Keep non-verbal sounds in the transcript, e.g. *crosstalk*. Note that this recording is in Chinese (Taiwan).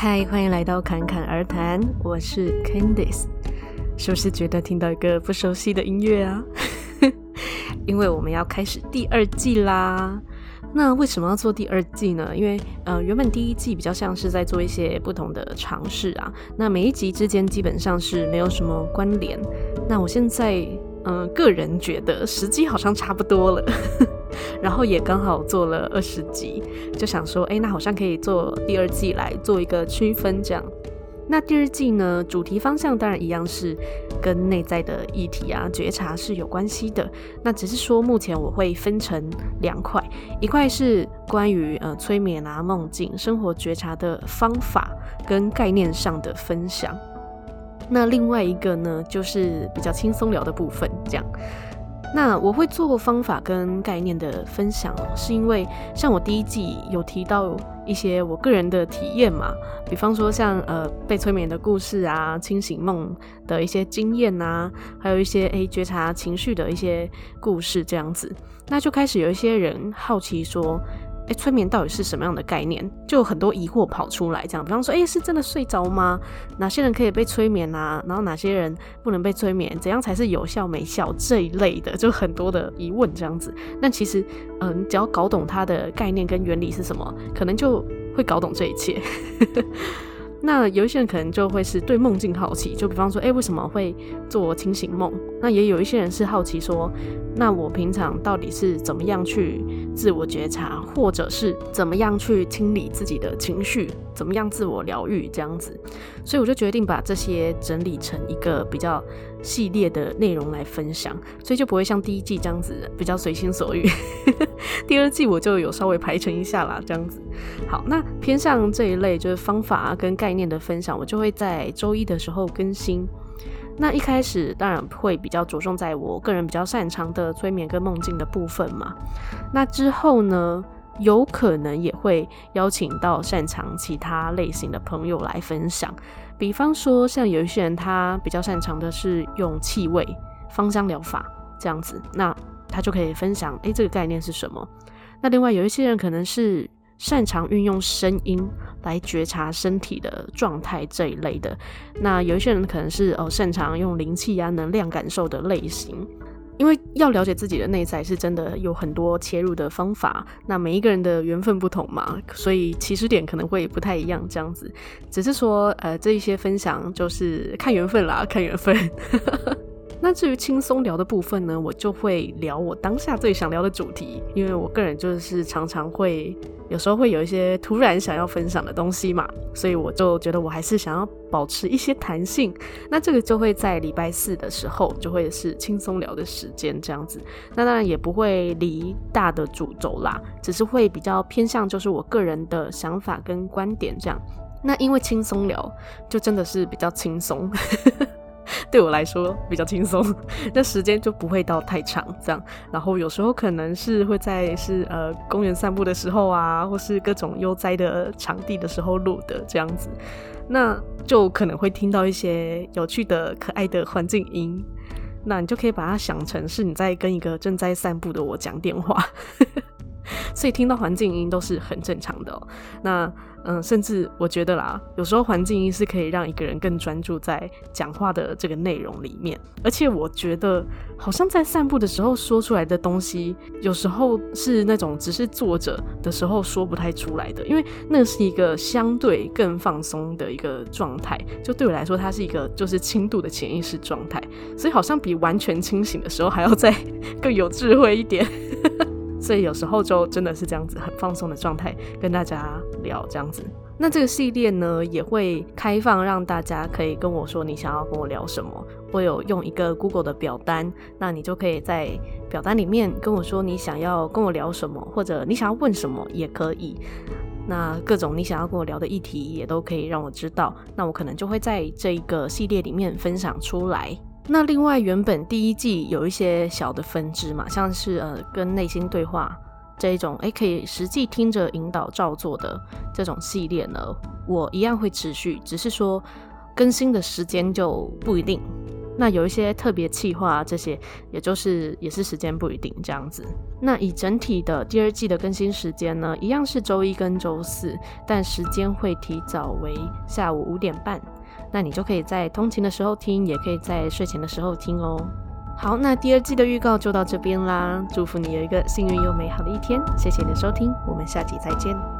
嗨，歡迎來到侃侃而談，我是 Candice。是不是覺得聽到一個不熟悉的音樂啊？ *laughs* 因為我們要開始第二季啦。那為什麼要做第二季呢？因為呃，原本第一季比較像是在做一些不同的嘗試啊。那每一集之間基本上是沒有什麼關聯。那我現在嗯、呃，個人覺得時機好像差不多了。 *laughs* 然後也剛好做了二十集，就想說，哎，那好像可以做第二季來做一個區分這樣。那第二季呢，主題方向當然一樣是跟內在的議題啊、覺察是有關係的。那只是說，目前我會分成兩塊，一塊是關於呃催眠啊、夢境、生活覺察的方法跟概念上的分享。那另外一個呢，就是比較輕鬆聊的部分這樣。那我會做方法跟概念的分享，是因為像我第一季有提到一些我個人的體驗嘛，比方說像呃被催眠的故事啊、清醒夢的一些經驗吶、啊，還有一些欸覺察情緒的一些故事這樣子，那就開始有一些人好奇說。哎、欸，催眠到底是什麼樣的概念？就有很多疑惑跑出來，這樣，比方說，哎、欸，是真的睡着嗎？哪些人可以被催眠啊？然後哪些人不能被催眠？怎樣才是有效沒效？這一類的，就很多的疑問這樣子。那其實，嗯，只要搞懂它的概念跟原理是什麼，可能就會搞懂這一切。 *laughs* 那有一些人可能就會是對夢境好奇，就比方說，哎、欸，為什麼會做清醒夢？那也有一些人是好奇說，那我平常到底是怎麼樣去自我覺察，或者是怎麼樣去清理自己的情緒。怎麼樣自我療癒這樣子，所以我就決定把這些整理成一個比較系列的內容來分享，所以就不會像第一季這樣子比較隨心所欲。 *laughs* 第二季我就有稍微排成一下啦，這樣子。好，那偏向這一類就是方法跟概念的分享，我就會在周一的時候更新。那一開始當然會比較着重在我個人比較擅長的催眠跟夢境的部分嘛。那之後呢，有可能也會邀請到擅長其他類型的朋友來分享，比方說像有一些人他比較擅長的是用氣味、芳香療法這樣子，那他就可以分享哎，這個概念是什麼。那另外有一些人可能是擅長運用聲音來覺察身體的狀態這一類的，那有一些人可能是哦，擅長用靈氣呀、啊、能量感受的類型。因為要了解自己的內在，是真的有很多切入的方法。那每一個人的緣分不同嘛，所以起始點可能會不太一樣。這樣子，只是說，呃，這一些分享就是看緣分啦，看緣分。 *laughs* 那至於輕鬆聊的部分呢，我就會聊我當下最想聊的主題，因為我個人就是常常會有時候會有一些突然想要分享的東西嘛，所以我就覺得我還是想要保持一些彈性。那這個就會在禮拜四的時候就會是輕鬆聊的時間這樣子。那當然也不會離大的主軸啦，只是會比較偏向就是我個人的想法跟觀點這樣。那因為輕鬆聊，就真的是比較輕鬆。 *laughs* 對我來說比較輕鬆，那時間就不會到太長，這樣。然後有時候可能是會在是呃公園散步的時候啊，或是各種悠哉的場地的時候錄的這樣子，那就可能會聽到一些有趣的、可愛的環境音。那你就可以把它想成是你在跟一個正在散步的我講電話。 *laughs* 所以聽到環境音都是很正常的哦。那嗯，呃，甚至我覺得啦，有時候環境音是可以讓一個人更專注在講話的這個內容裡面。而且我覺得，好像在散步的時候說出來的東西，有時候是那種只是坐着的時候說不太出來的，因為那是一個相對更放鬆的一個狀態。就對我來說，它是一個就是輕度的潛意識狀態，所以好像比完全清醒的時候還要再更有智慧一點。 *laughs* 所以有時候就真的是這樣子很放鬆的狀態跟大家聊這樣子。那這個系列呢，也會開放讓大家可以跟我說你想要跟我聊什麼，我有用一個 Google 的表單，那你就可以在表單裡面跟我說你想要跟我聊什麼，或者你想要問什麼也可以。那各種你想要跟我聊的議題也都可以讓我知道，那我可能就會在這一個系列裡面分享出來。那另外，原本第一季有一些小的分支嘛，像是呃跟內心對話這一種，誒可以實際聽着引導照做的這種系列呢，我一樣會持續，只是說更新的時間就不一定。那有一些特別企劃這些，也就是也是時間不一定這樣子。那以整體的第二季的更新時間呢，一樣是週一跟週四，但時間會提早為下午五點半。那你就可以在通勤的時候聽，也可以在睡前的時候聽哦。好，那第二季的預告就到這邊啦。祝福你有一個幸運又美好的一天，謝謝你的收聽，我們下期再見。